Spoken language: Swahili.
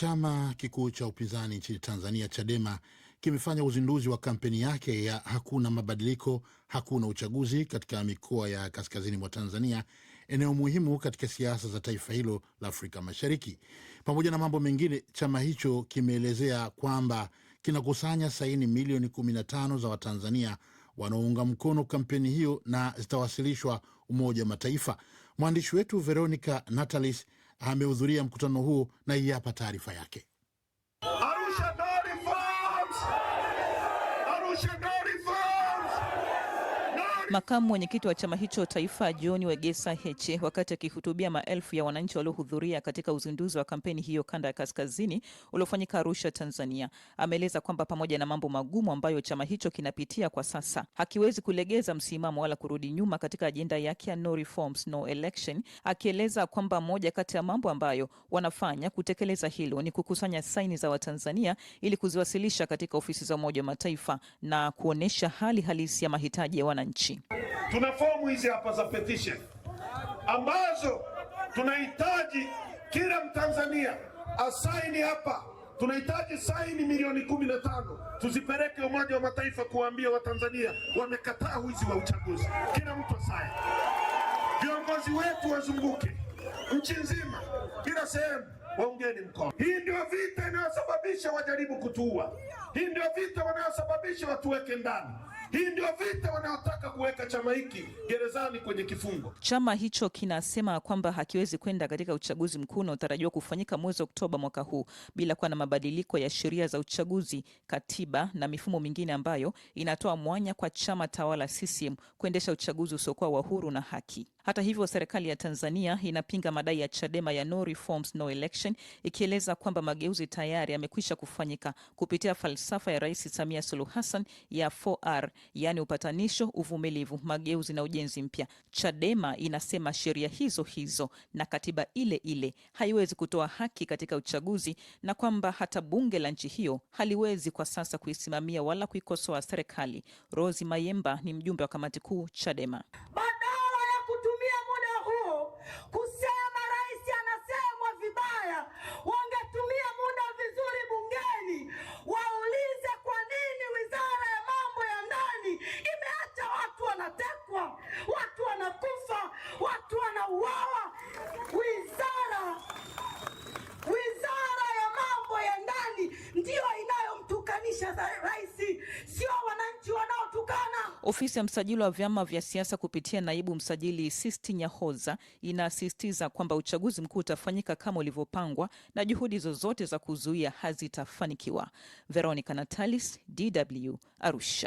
Chama kikuu cha upinzani nchini Tanzania, Chadema, kimefanya uzinduzi wa kampeni yake ya hakuna mabadiliko hakuna uchaguzi katika mikoa ya kaskazini mwa Tanzania, eneo muhimu katika siasa za taifa hilo la Afrika Mashariki. Pamoja na mambo mengine, chama hicho kimeelezea kwamba kinakusanya saini milioni 15 za Watanzania wanaounga mkono kampeni hiyo na zitawasilishwa Umoja wa Mataifa. Mwandishi wetu Veronica Natalis amehudhuria mkutano huo na hii hapa taarifa yake. Arusha Dori Farms! Arusha Dori Farms! Makamu mwenyekiti wa chama hicho taifa John Wegesa Heche, wakati akihutubia maelfu ya wananchi waliohudhuria katika uzinduzi wa kampeni hiyo kanda ya kaskazini uliofanyika Arusha, Tanzania, ameeleza kwamba pamoja na mambo magumu ambayo chama hicho kinapitia kwa sasa, hakiwezi kulegeza msimamo wala kurudi nyuma katika ajenda yake ya no reforms, no election, akieleza kwamba moja kati ya mambo ambayo wanafanya kutekeleza hilo ni kukusanya saini za Watanzania ili kuziwasilisha katika ofisi za Umoja wa Mataifa na kuonyesha hali halisi ya mahitaji ya wananchi. Tuna fomu hizi hapa za petition ambazo tunahitaji kila Mtanzania asaini hapa. Tunahitaji saini milioni kumi na tano tuzipeleke Umoja wa Mataifa kuwaambia Watanzania wamekataa wizi wa uchaguzi. Kila mtu asaini, viongozi wetu wazunguke nchi nzima, kila sehemu waungeni mkono. Hii ndio vita inayosababisha wajaribu kutuua. Hii ndio vita wanayosababisha watuweke ndani. Hii ndio vita wanaotaka kuweka chama hiki gerezani kwenye kifungo. Chama hicho kinasema kwamba hakiwezi kwenda katika uchaguzi mkuu unaotarajiwa kufanyika mwezi Oktoba mwaka huu bila kuwa na mabadiliko ya sheria za uchaguzi, katiba na mifumo mingine ambayo inatoa mwanya kwa chama tawala CCM kuendesha uchaguzi usiokuwa wa huru na haki. Hata hivyo, serikali ya Tanzania inapinga madai ya Chadema ya no reforms, no election, ikieleza kwamba mageuzi tayari yamekwisha kufanyika kupitia falsafa ya Rais Samia Suluhu Hassan ya 4R yaani upatanisho, uvumilivu, mageuzi na ujenzi mpya. Chadema inasema sheria hizo hizo na katiba ile ile haiwezi kutoa haki katika uchaguzi na kwamba hata bunge la nchi hiyo haliwezi kwa sasa kuisimamia wala kuikosoa serikali. Rosi Mayemba ni mjumbe wa kamati kuu Chadema. za rais, sio wananchi wanaotukana. Ofisi ya msajili wa vyama vya siasa kupitia naibu msajili Sisti Nyahoza inasisitiza kwamba uchaguzi mkuu utafanyika kama ulivyopangwa na juhudi zozote za kuzuia hazitafanikiwa. Veronica Natalis, DW, Arusha.